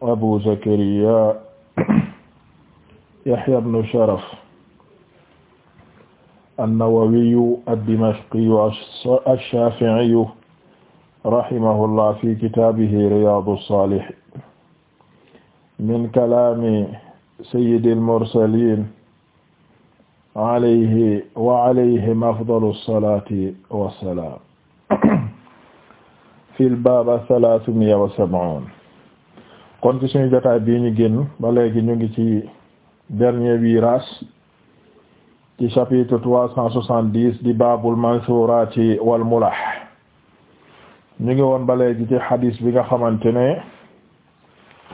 abu zakariya yahya ibn sharaf an-nawawiyu ad-dimashqiyu ash-shafi'iyu rahimahullah fi kitaabihi riyaadu saalihiin min kalaami sayyidil mursaliin alayhi wa alayhim afdalu salaati wa salaam fil baab salaasumiya wa sab'uun kon ci suñu jotaay bii ñu génn ba léegi ñu ngi ci dernier virage ci chapitre trois di baabul mansurati wal mulah ñu ngi woon ba léegi ci xadis bi nga xamante ne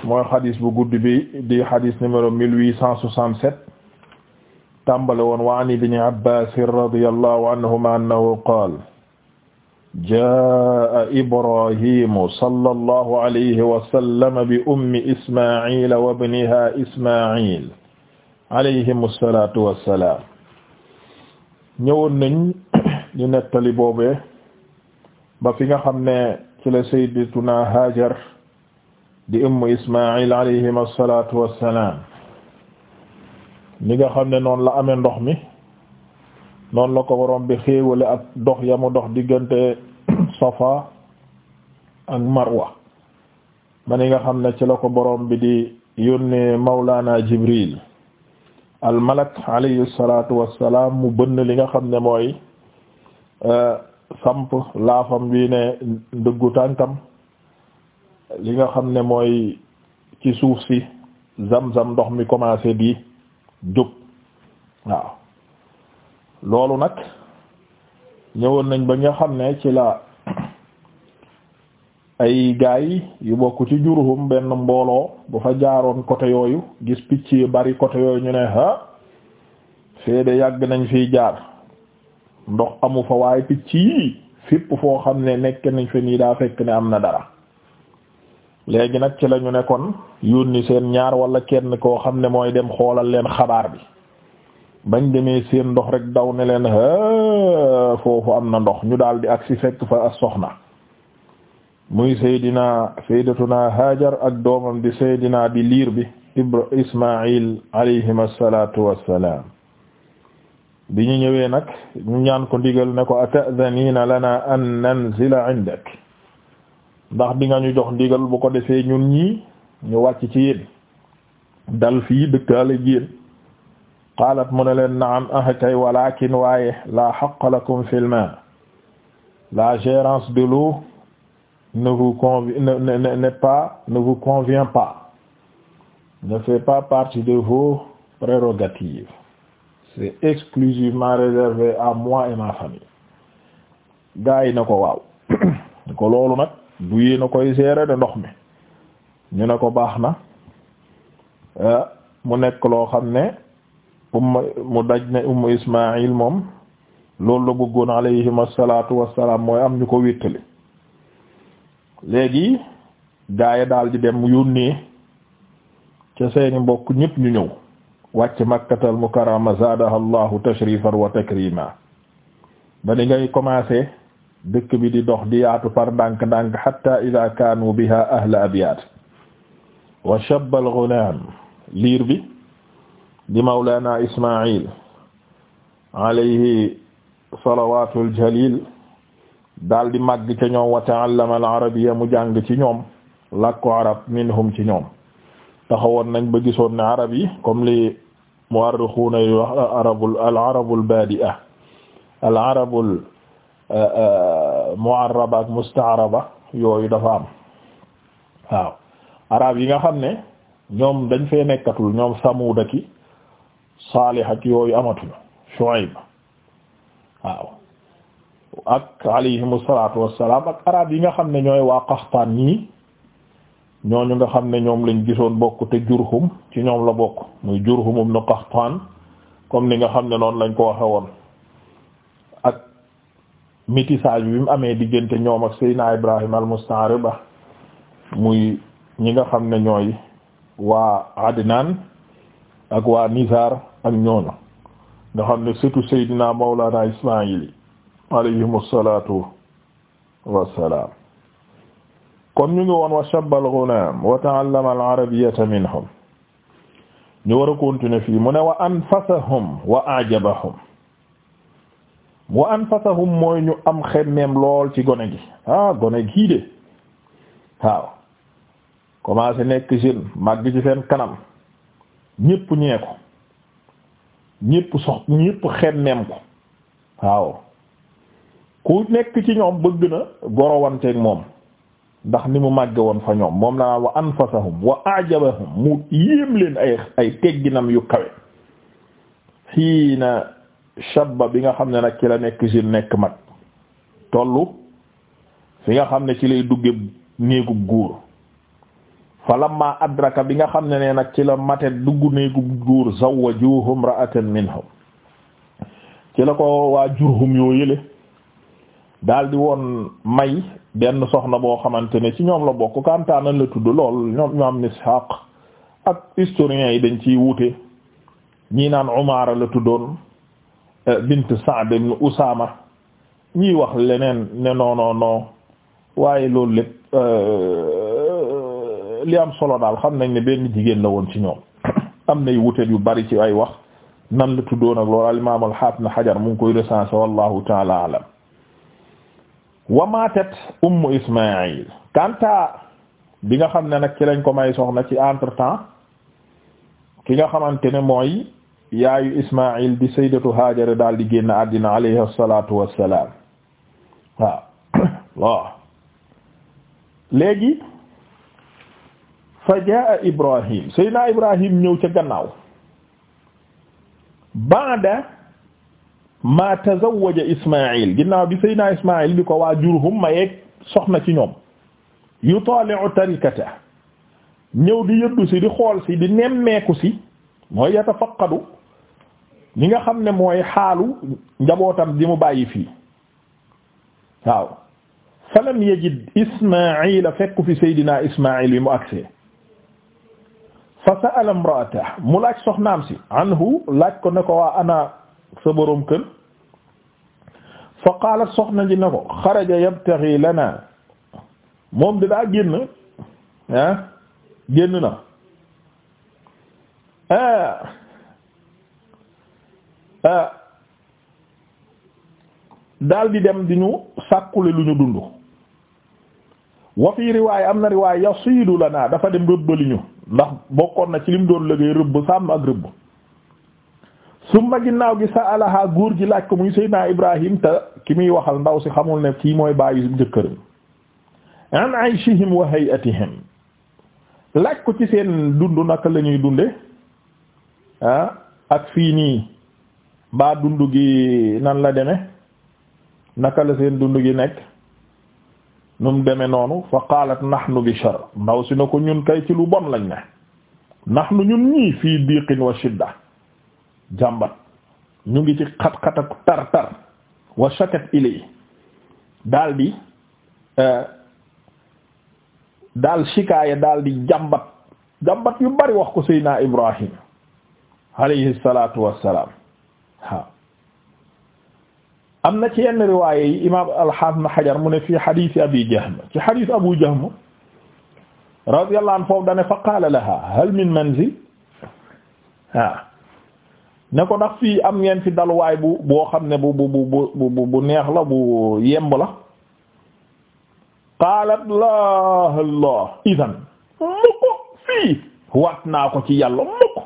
mooy xadis bu guddi bi di xadis numéro mille huit cent woon wa an ibni abbasin radiyallahu anhuma annahu qaala jaa ibrahimu sallallahu alayhi wa sallam bi ummi isma'il wa ibniha isma'il alayhimu salaatu wa salaam ñëwoon nañ ñu nettali boobee ba fi nga xam ne ci la sayyidatuna Hajar di ummu isma'il alayhima salaatu wa salaam ni nga xam ne noonu la amee ndox mi. noonu la ko borom bi xéewale ak dox ya mu dox diggante sofa ak Marwa ma ni nga xam ne ci la ko boroom bi di yónnee Mawlana Jibril al malak alayhi salaatu wassalaam mu bënn li nga xam ne mooy euh, samp laafam wi ne ndëggu tànkam li nga xam ne mooy ci suuf si zam-zam ndox mi commencé di jóg waaw loolu nag ñëwoon nañ ba nga xam ne ci la ay gaay yu bokk ci Jurhum benn mbooloo bu fa jaaroon côté yooyu gis picc yu bari côté yooyu ñu ne ha feede yàgg nañ fi jaar ndox amu fa waaye picc yi fépp foo xam ne nekk nañ fa nii daa fekk ne am na dara léegi nag ci la ñu ne kon yónni seen ñaar wala kenn koo xam ne mooy dem xoolal leen xabaar bi bañ demee seen ndox rek daw ne leen foofu am na ndox ñu daal di si fekk fa soxna muy Seydina Seydatuna Hajar ak doomam di Seydina di liir bi Ibra Ismaïl alayhima salaatu wassalaam bi ñu ñëwee nag ñu ñaan ko ndigal ne ko ata'zanina lana an nanzila indak ndax bi nga ñu jox ndigal bu ko defee ñun ñii ñu wàcc ci yéen dal fii dëkkaale yéen qaalat mu ne leen naam ah kay kiin waaye la haqq lakum fil ma la gérance de l'eau ne vous convient ne pas ne vous convient pas ne fait pas partie de vos prérogatives c'est exclusivement réservé à moi et ma famille gaa yi na ko waaw ko loolu nag du yéen koy gérer de ndox mi ñu ne ko baax na ah, mu nekk loo xam ne umma mu daj ne ummu moom loolu la bëggoon alayhim asalaatu wasalaam mooy am ñu ko wéttali léegi gaaya daal di dem yónnee ca seeni mbokk ñëpp ñu ñëw wàcc makkatal mukarrama zaadaha allahu tashrifan wa takrima ba ni ngay commencé dëkk bi di dox di yaatu par dank ndànk hatta ida kaanu biha ahla abiyat wa shabba al liir bi di mawlana ismail alayhi salawatul jalil daal di màgg ca ñoom wa ta'allama mu jàng ci ñoom làkku arab minhum ci ñoom taxawoon nañ ba gisoon ne arab yi comme li muwarrixuuna yu wax arabul al arabul baadi'a al arabul euh, euh, mu'arraba ak musta'raba yooyu dafa am waaw arab yi nga xam ne ñoom dañ fee nekkatul ñoom samuudaki Saalih ak yooyu amatuñu Shuayb waaw ak alayhimu salaatu wassalaam ak arab yi nga xam ne ñooy waa Qaxtaan ñoo ñu nga xam ne ñoom lañ gisoon bokk te Jurhum ci ñoom la bokk muy Jurhum ibn Qaxtaan comme ni nga xam ne noonu lañ ko waxe woon ak métissage bi mu amee diggante ñoom ak Seydina Ibrahim al-Mustaariba muy ñi nga xam ne ñooy waa Adnaan ak waa Nizar ak ñooñu nga xam ne surtout Seydina Mawlana Ismaïl alayhimu salaatu wassalaam kon ñu ngi woon wa shabba al-ghulam wa ta'allama al-arabiyyata minhum ñu war a fii mu ne wa anfasahum wa ajabahum wa anfasahum mooy ñu am xemmeem lool ci gone gi ah gone gii de waaw commencé nekk jeune màgg ci seen kanam ñépp ñee ñépp sox ñépp xemmeem ko waaw ku nekk ci ñoom bëgg na gorowanteeg moom ndax ni mu màgge woon fa ñoom moom la wa anfasahum wa ajabahum mu yéem leen ay ay tegginam yu kawe xiina shabba bi nga xam ne nag ci la nekk si nekk mag tollu fi nga xam ne ci lay dugge néegub góor fa lamma adraka bi nga xam ne ne nag ci la mate dugg néegu góor zawwajuhu imra'atan minhum ci la ko waa Jurhum yoo yële daal di woon may benn soxna boo xamante ne ci ñoom la bokk kantaana la tudd lool ñoom imaam Ishaq ak historiens yi dañ ciy wuute ñii naan Umaara la tuddoon eh, bint Sa'd ibn Usaama ñii wax leneen ne non non non waaye loolu lépp eh, li am solo daal xam nañ ne benn jigéen la woon ci ñoom am nay wuute yu bari ci ay wax nan la tuddoon ak loolu al al haafid na xajar mu ngi koy recensé wallahu taala alam wa matat ummu ismail kanta bi nga xam ne nag ci lañ ko may soxna ci entre temps ki nga xamante ne mooy yaayu ismail di sayyidatu hajar daal di génn àddina alayhi assalatu wassalaam waaw léegi fa jaa Ibrahim Seydina Ibrahim ñëw ca gannaaw ba'da ma tazawwaja Ismaïl ginnaaw bi Seydina Ismaïl bi ko waa Jurhum ma yeeg soxna ci ñoom yutali'u tarikata ñëw di yëddu si di xool si di nemmeeku si mooy yatafaqqadu li nga xam ne mooy xaalu njabootam di mu bàyyi fii waaw falam yajid Ismaïla fekku fi Seydina Ismaïl bi mu agsee fa sa'ala imra'ata mu laaj soxnaam si anhu laaj ko ne ko waa ana sa boroom kër fa qaalat soxna ji ne ko xaraja yabtaghi lana moom di daa génn ah, génn na ah, ah, daal di dem di ñu sàkkule lu ñu dund wa fi riwaaya am na riwaaya la lana dafa dem rëbbali ñu ndax bokkoon na ci lim doon liggéey rëbb sàmm ak rëbb summa ginnaaw gi sa alaha góor gi laaj ko muy Seydina Ibrahim te ki muy waxal ndaw si xamul ne kii mooy bàyyi jëkkëram an ayshihim wa hay'atihim laaj ko ci seen dund naka la ñuy dunde ah ak fii nii baa dund gi nan la deme naka la seen dund gi nekk nu mu demee noonu fa qaalat nahnu bi shar ndaw si na ko ñun kay ci lu bon lañ ne nahnu ñun ñii fii diiqin wa shidda jàmbat ñu ngi ci xat-xat ak tar-tar wa shakat ilay daal di euh, daal shikaaya daal di jàmbat jàmbat yu bari wax ko seydina Ibrahim alayhi salaatu wassalaam waaw am na ci yenn riwaaye yi imaam al-Haafiz Ibn Hajar mu ne fii hadiisi Abi Jahm ci hadiis Abu Jahm radiyallahu anhu foofu dane fa qaala laha hal min manzil ah ne ko ndax fii am ngeen fi dalwaay bu boo xam ne bu bu bu bu bu neex la bu yemb la qaalat laa Allah idan mukk fii waat naa ko ci yàlla mukk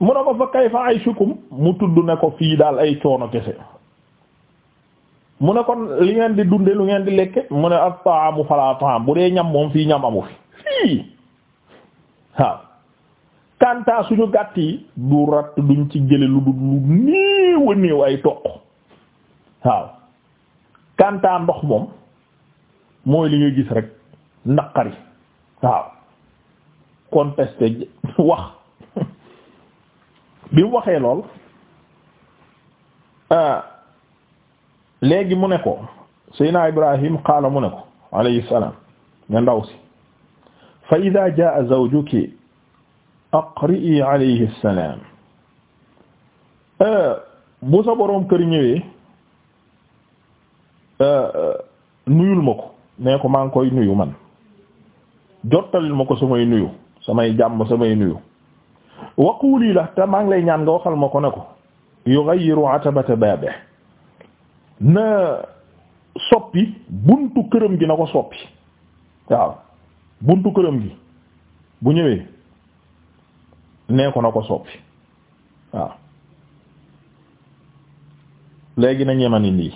mu ne ko fa kayfa ayshukum mu tudd ne ko fii daal ay coono kese mu ne kon li ngeen di dunde lu ngeen di lekke mu ne ak taamu fala taam bu dee ñam moom fii ñam amu fi fii waaw kanta suñu gàtt yi du ratt duñ ci jële lu du lu néew néew ay toq waaw kanta ndox moom mooy li nga gis rek naqari waaw contesté wax bi mu waxee lool euh, léegi mu ne ko Seydina Ibrahim qaala mu ne ko alayhi salaam ne ndaw si fa idaa jaa zawjuki aqri'i alayhi salaam bu sa boroom kër ñëwee nuyul ma ko nee ko maa ngi koy nuyu man jottalil ma ko samay nuyu samay jàmm samay nuyu wa quuli la te maa ngi lay ñaan nga waxal ma ko ne ko yughayyiru atabata baabihi na soppi buntu këram gi na ko soppi waaw buntu këram gi bu ñëwee nee ko na ko soppi waaw léegi na ñemani lii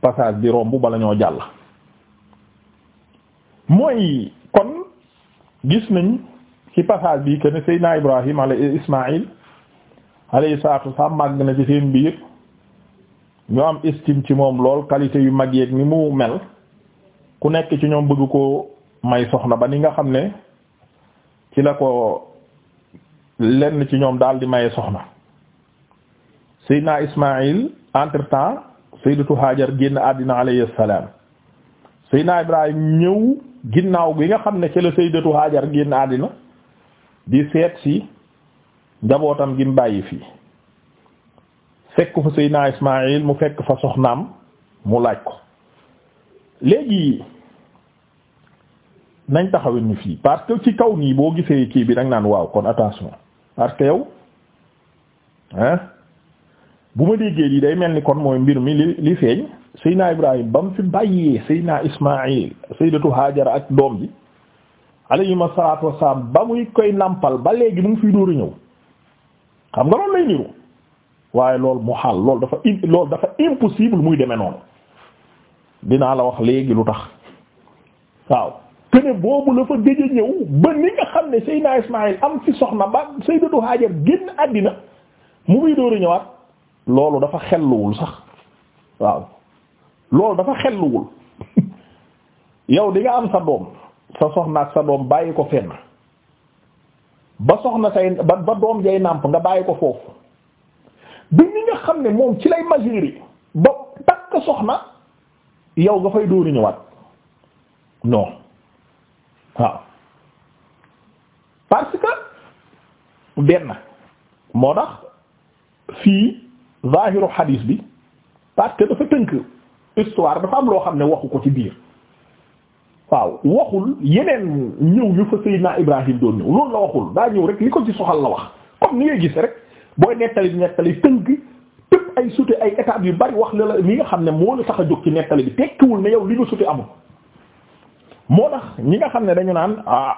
passage bi romb bala ñoo jàll mooy kon gis nañ ci passage bi que ne Seydina Ibrahim ala Ismaïl alayhi salaatu wa salaam na ci seen biir ñu am estime ci moom lool qualité yu mag yeeg ni mu mel ku nekk ci ñoom bëggu ko may soxna ba ni nga xam ne ci la ko lenn ci ñoom daal di maye soxna Seydina Ismaïl entre temps Sayyidatu Hajar génn àddina alayhi salaam Seydina Ibrahim ñëw ginnaaw gi nga xam ne ci la Sayyidatu Hajar génn àddina di seet si njabootam gin bàyyi fii fekk fa Seydina Ismaïl mu fekk fa soxnaam mu laaj ko léegi nañ taxawin ni fii parce que ci kaw nii boo gisee kii bi nag naan waaw kon attention parce que yow ah bu ma déggee lii day mel ni kon mooy mbir mi li li feeñ Seydina Ibrahim ba mu fi bàyyee Seydina Ismaïl Sayyidatu Haajara ak doom bi alayhim asalaatu wasalaam ba muy koy nàmpal ba léegi mu ngi fiy dóoru ñëw xam nga loolu lay niru waaye loolu mu xaal loolu dafa loolu dafa impossible muy demee noonu dinaa la wax léegi lu tax waaw kene boobu la fa gëj a ñëw ba ni nga xam ne Seydina Ismaïl am ci soxna ba Sayyidatu Hajar génn àddina mu muy ñëwaat loolu dafa xelluwul sax waaw loolu dafa xelluwul yow di nga am sa doom sa soxna ak sa doom bàyyi ko fenn ba soxna say ba ba doom jay nàmp nga bàyyi ko foofu bi ñi nga xam ne moom ci lay majeur ba takk soxna yow nga fay dóori ñëwaat no waaw parce que benn moo tax fii zahiru hadis bi parce que dafa tënk histoire dafa am loo xam ne waxu ko ci biir waaw waxul yeneen ñëw yu fa Seydina Ibrahim doon ñëw loolu la waxul daa ñëw rek li ko ci soxal la wax comme ni ngay gis rek booy nettali bi nettali tënk tëpp ay sute ay étapes yu bari wax la li nga xam ne moo la tax a jóg ci nettali bi tekkiwul ne yow li nga sute amul moo tax ñi nga xam ne dañu naan ah,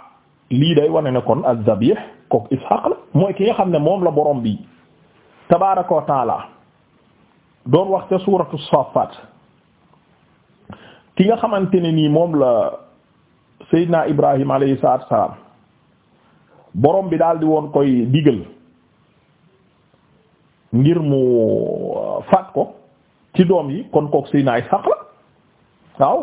lii day wane ne kon az-zabih kook Ishaq la mooy ki nga xam ne moom la borom bi tabaaraka wa taala doon wax ca suuratu Saaffaat ki nga xamante ne nii moom la Seydina Ibrahim alayhi salaatu wa salaam borom bi daal di woon koy digal. ngir mu euh, faat ko ci doom yi kon kook Seydina Ishaq la waaw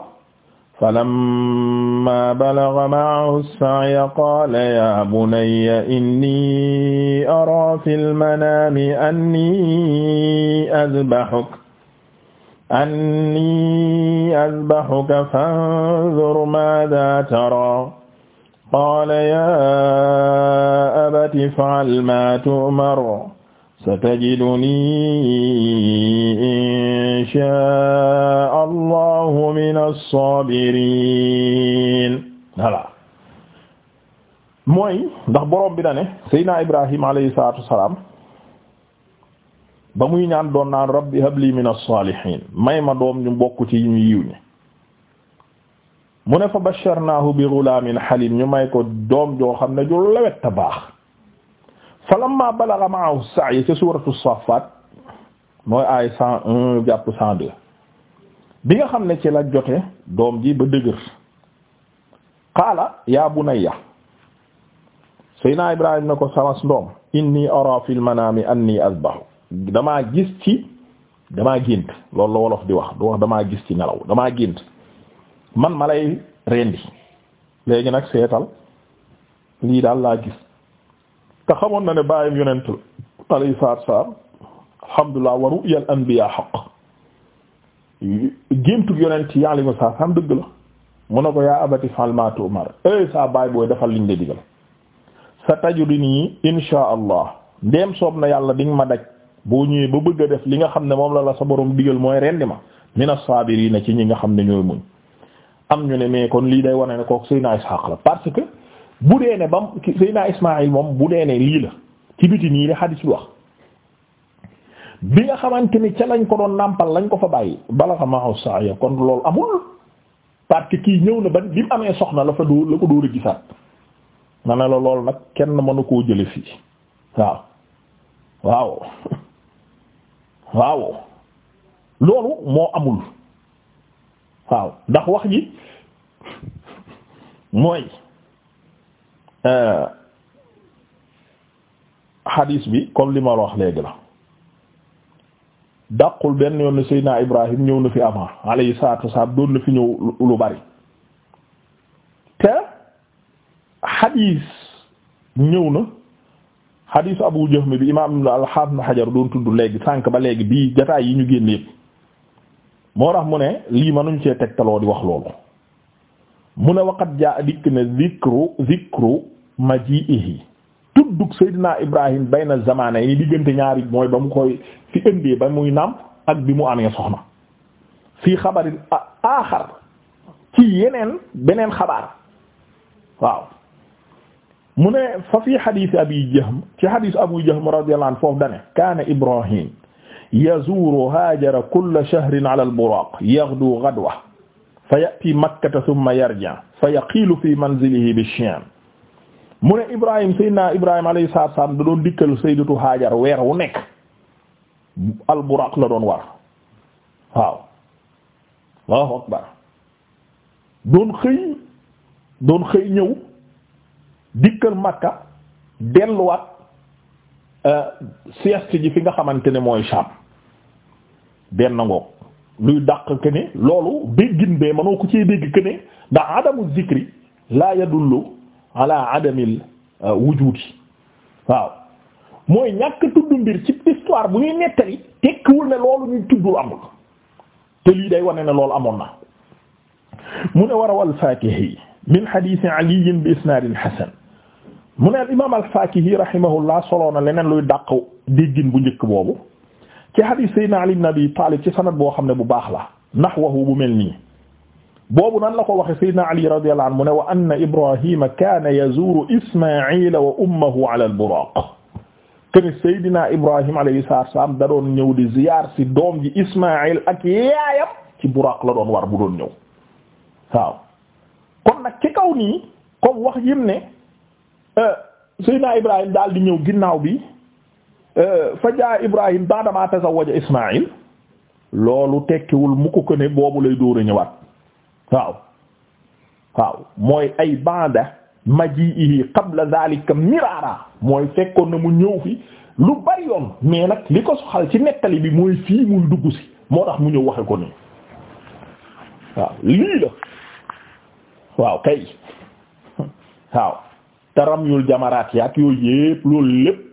falamma balagha ma'ahu as-sa'ya qala ya bunayya inni ara fil manami anni azbahuka anni azbahuka fanzur madha tara qala ya abati if'al ma tu'mar satajiduni inshaa allahu mina saabiriin voilà mooy ndax borom bi na ne Seydina Ibrahim alayhi salaatu wasalaam ba muy ñaan doon naan rabbi habli mina saalihiin may ma doom ñu bokk ci ñu yiw ñi mu ne fa basharnaahu bi ghulaamin haliim ñu may ko doom joo xam ne ju lewet ta baax fa lamma balagha ma'ahu as-sa'y ca suuratu Saaffaat mooy aay cent jàpp cent bi nga xam ne ci la jote doom ji ba dëgër qaala yaa bunayya naa Ibrahim ne ko samas ndoom inni ara fil manaami anni azbahu damaa gis ci damaa gént loolu la wolof di wax du wax damaa gis ci nelaw damaa gént man ma lay rendi léegi nag seetal lii daal laa gis te xamoon na ne bàyyam yonent la alayhi salaatu salaam alhamdulillah wa ru'yal anbiyaa haqq géntu ci yàlla saa saam dëgg la mu ne ko yaa abati fa'al maa tu'mar eh saa baay booy defal liñ la digal sa tajidunii inshaa allah ndeem soob na yàlla di nga ma daj boo ñëwee ba bëgg a def li nga xam ne moom la la sa borom digal mooy rendi ma mina saabiriina ci ñi nga xam ne ñooy muñ am ñu ne mais kon lii day wane ne kooku Seydina Ishaq la parce que. bu dee ne bam Seydina Ismaïl moom bu dee ne lii la ci biti nii la xadis bi wax bi nga xamante ni ca lañ ko doon nàmpal lañ ko fa bàyyi bala xa maaw saa ya kon loolu amul parce que kii ñëw na ba bi mu amee soxna la fa dóor la ko dóor a gisaat ma ne la lool nag kenn mënu koo jële fii waaw waaw waaw loolu moo amul waaw ndax wax ji mooy xadiis euh, bi comme li ma wax léegi la dàqul benn yoon ne Seydina Ibrahim ñëw na fi avant alayhi salaatu wasalaam doon na fi ñëw lu bari te xadiis ñëw na xadiis Abu Jahm bi imaam al-Haafiz Ibn Hajar doon tudd léegi sànq ba léegi bii jataay yi ñu génn yëpp moo tax mu ne lii mënuñ cee tegtaloo di wax loolu mu ne waqat jaa dikk ne zikru zikru majiihi tuddug Seydina Ibrahim bayna zamana yi diggante ñaari mooy ba mu koy fi ëndee ba muy nàmp ak bi mu amee soxna fii xabarin aaxar ci yeneen beneen xabaar waaw mu ne fa fii xadiis abi jahm ci xadiis abu jahm radiyallahu anhu foofu dane kaana Ibrahim yazuuru haajara kulla shahrin ala al-buraaq yaghdu ghadwa fa yati makkata thumma yarja fa yaqiilu fi manzilihi bi shiyam mu ne ibrahim sayyidina ibrahim alayhi salaatu salaam da doon dikkal sayyidatu hajar weer wu nekk alburaq la doon war waaw allahu akbar doon xëy doon xëy ñëw dikkal makka delluwaat euh, sieste ji fi nga xamante ne mooy Sham benn ngoog luy dàq que loolu déggin bee mënoo ko cee dégg que ne ndax adamu zikri la yadullu ala adamil euh, wujudi waaw mooy ñàkk tudd mbir ci histoire bu ñuy nettali tekkiwul ne loolu ñuy tuddul amul te lii day wane ne loolu amoon na mu ne war a wal faakihi min hadith ali bi isnaadin hasan mu ne al imaam al faakihi rahimahullah soloona leneen luy dàq déggin bu njëkk boobu ci hadith Seydina Ali ibn Abi Talib ci sanad boo xam ne bu baax la nahwahu bu mel nii boobu nan la ko waxe Seydina Ali radiyallahu anhu mu ne wa anna Ibrahima kaana yazuuru Ismaa'ila wa ummahu ala al-buraaq kene Seydina Ibrahima alayhi salaam da doon ñëw di ziyaar ci doom ji Ismaa'il ak yaayam ci buraaq la doon war bu doon ñëw waaw kon nag ci kaw nii comme wax yim ne euh, Seydina Ibrahima daal di ñëw ginnaaw bi Euh, fa jaa Ibrahim baadama tazawaja Ismaïl loolu tekkiwul mu ko ko ne boobu lay dóor a ñëwaat waaw waaw mooy ay baada majiihi qabla zalika miraara mooy fekkoon na mu ñëw fi lu bari yoon mais nag li ko soxal ci nettali bi mooy fii dugg si moo tax mu ñëw waxe ko nii waaw lii la waaw kay waaw taram yul jamaraat yaak yooyu yépp loolu lépp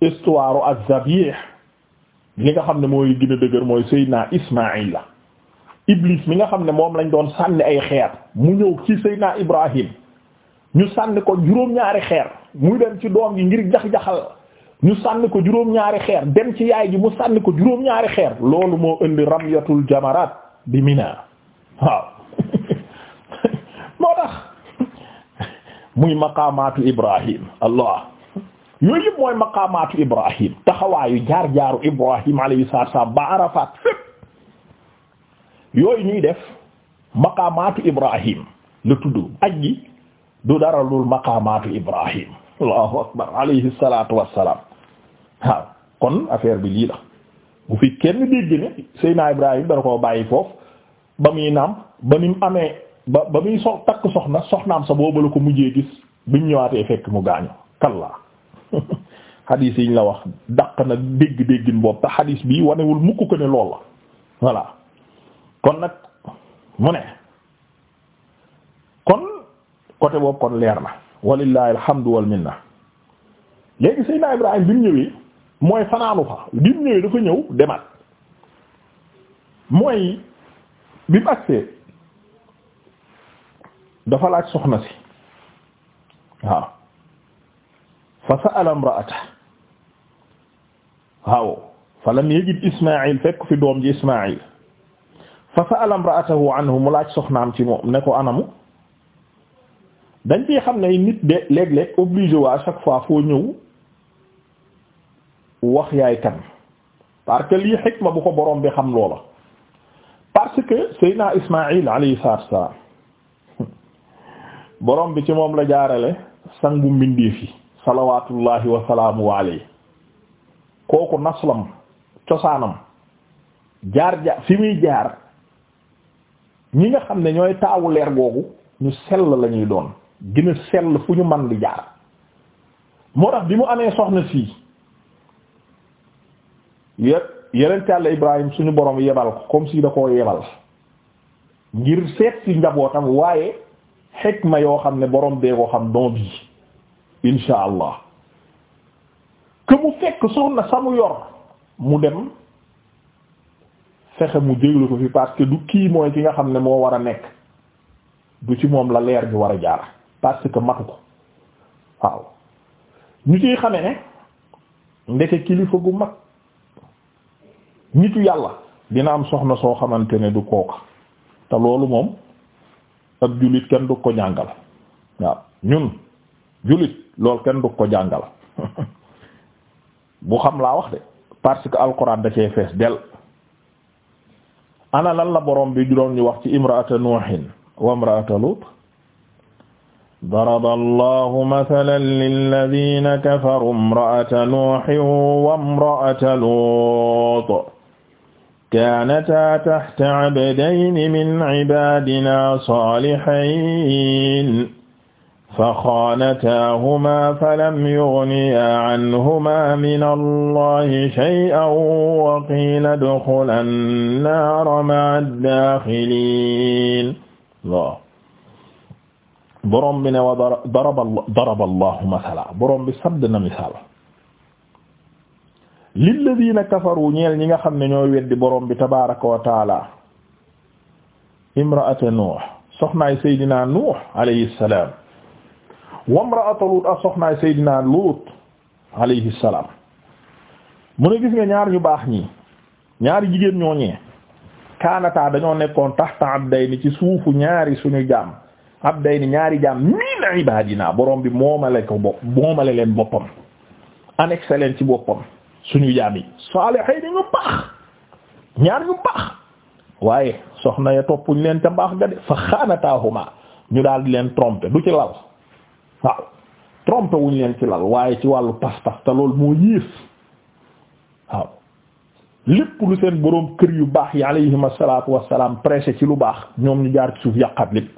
histoire az-Zabih li nga xam ne mooy gën dëgër mooy Seydina Ismaïl la Iblis mi nga xam ne moom lañ doon sànni ay xeer mu ñëw ci Seydina Ibrahim ñu sànni ko juróom-ñaari xeer mu dem ci doom gi ngir jax-jaxal ñu sànni ko juróom-ñaari xeer dem ci yaay ji mu sànni ko juróom-ñaari xeer loolu moo indi ramyatul jamarat bi Mina waaw moo tax muy maqaamaatu Ibrahim Allah yooyu yëpp mooy maqaamaatu Ibrahim taxawaayu jaar jaaru Ibrahim alayhi salaatu wa salaam ba Arafat fépp yooyu ñuy def maqaamaatu Ibrahim la tudd aji du dara lul maqaamaatu Ibrahim allahu akbar alayhi salaatu wa salaam waaw kon affaire bi lii la bu fi kenn dégg ne Seyna Ibrahim dara koo bàyyi foofu ba muy naam ba ni mu amee ba muy so takk soxna soxnaam sa boobu la ko mujjee gis biñ ñëwaatee fekk mu gaañu kallaa xadiis yiñ la wax daq na dégg déggin boobu te xadiis bi wanewul mukk ko ne lool la voilà kon nag mu ne kon côté boobu kon leer na walillahi alhamdu wal minna léegi Seydina Ibrahim bi mu ñëwee mooy fanaanu fa bi mu ñëwee dafa ñëw demaat mooy bi mu agsee dafa laaj soxna si waaw fa sa'ala imra'atahu waaw fa lam yajid Ismaa'il fekk fi doom ji Ismaa'il fa sa'ala imra'atahu anhu mu laaj soxnaam ci moom ne ko anamu dañ ciy xam ne nit de léeg-léeg obligé à chaque fois foo ñëw wax yaay kan parce que lii xikma bu ko borom bi xam loola parce que Seydina Ismaa'il alayhi salaatu salaam borom bi ci moom la jaarale sangu mbindeef salawaatullahi wa salaamu alayhi kooku naslam cosaanam jaar jaar fi muy jaar ñi nga xam ne ñooy taawu leer googu ñu sell la ñuy doon gën a sell fu ñu man di jaar moo tax bi mu amee soxna sii yépp yenent yàlla Ibrahim suñu borom yebal ko comme si da koo yebal ngir seet ci njabootam waaye xikma yoo xam ne borom bee ko xam doom bi insha allah que mu fekk soxna samu yor mu dem fexe mu jéglu ko fi parce que du kii mooy ki nga xam ne moo war a nekk du ci moom la leer bi war a jaar parce que matu ko waaw ñu ciy xame ne ndeke kilifa gu mag nitu yàlla dina am soxna soo xamante ne du kooka te loolu moom ab jullit kenn du ko jàngal waaw ñun jullit loolu kenn du ko bu xam laa wax de parce que alxuraan da cee del ana lan borom bi juróom ñu wax ci imraata nuuhin wa imraata lut daraba allahu mathalan lilladina kafaru imraata nuuhin wa imraata lut kaanataa tahta abdayni min فخانتاهما فلم يغنيا عنهما من الله شيئا وقيل ادخلا النار مع الداخلين waaw borom bi ne wa daraba daraba Allahu masalan borom bi sadd na misaal lilladiina kafaru ñeel ñi nga xam ne ñoo weddi borom bi tabaaraka wa taala imra'ata Nuuh soxnaay Seydina Nuuh alayhi salaam wa imra'atu Lut ak soxnaay Seydina Lut alayhi salaam mu gis nga ñaar ñu baax ñi ñaari jigéen ñooñee kaanataa dañoo nekkoon taxta abdayni ci suufu ñaari suñu jaam abdayni ñaari jaam min ibadina borom bi moomale ko bopp moomale leen boppam annexe ci boppam suñu jaam yi saalihiin ñu baax ñaar ñu baax waaye soxna ya toppuñ leen ca baax ga de fa xaanataahuma ñu daal leen tromper du ci lal waaw trompé wuñ leen ci waaye ci wàllu pas-pas te loolu moo yées waaw lépp lu seen boroom kër yu baax yi alayhim asalaatu wasalaam prêché ci lu baax ñoom ñu jaar ci suuf yàqaat lépp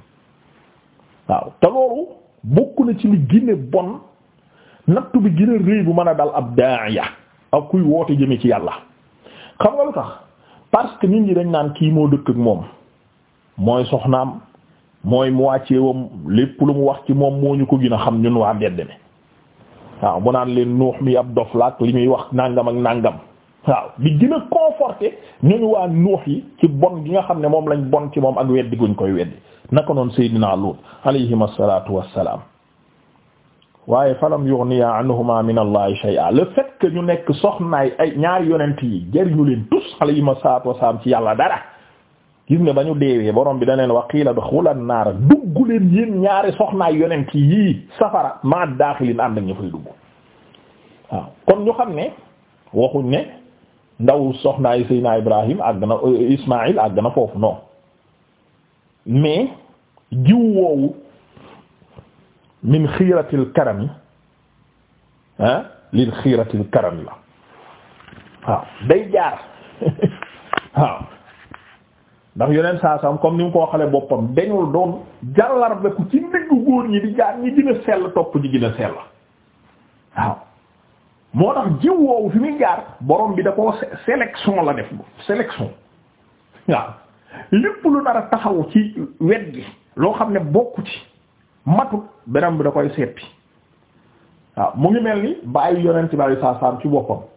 waaw te loolu bokk na ci li gine bon nattu bi gën a rëy bu mën a dal ab daaya ak kuy woote jëme ci yàlla xam nga lu tax parce que nit ñi dañ naan kii moo dëkk ak moom mooy soxnaam mooy moitié wam lépp lu mu wax ci moom moo ñu ko gën a xam ñun waa mbedd mi waaw mu naan leen nuux mi ab dof laak li muy wax nàngam ak nàngam waaw di gën a conforté ñun waa nuux yi ci bon gi nga xam ne moom lañ bon ci moom ak weddi guñ koy weddi naka noon Seydina Luut alayhim asalatu wassalaam waaye falam yughniya anhuma min allahi shay'a le fait que ñu nekk soxnaay ay ñaari yonent yi jariñu leen tous alayhim asalatu wassalaam ci yàlla dara gis nga ba ñu deewee borom bi da leen waqiila bi xulan naara dugg leen yéen ñaari soxnaay yonent yii safara ma daaxilin ànd ak ñu fay dugg waaw kon ñu xam ne waxuñ ne ndaw soxnaay Seydina Ibrahim àgg na euh, Ismaïl àgg na foofu non mais jiw woowu min xiiratil karami ah lil xiiratil karami la waaw day jaar waaw ndax yeneen saa sam comme ni mu ko xale boppam dañul doon jàllarbeku ci ndiggu góor ñi di jaar ñi gën a sell topp ñi gën a sell waaw moo tax jiw woowu fi muy jaar borom bi da ko sélection la def sélection waaw lépp lu nar a taxaw ci wet gi loo xam ne bokku ci matut beneen bi da koy seppi waaw mu ngi mel ni bàyyi yonent bi sallallahu alayhi wasallam ci boppam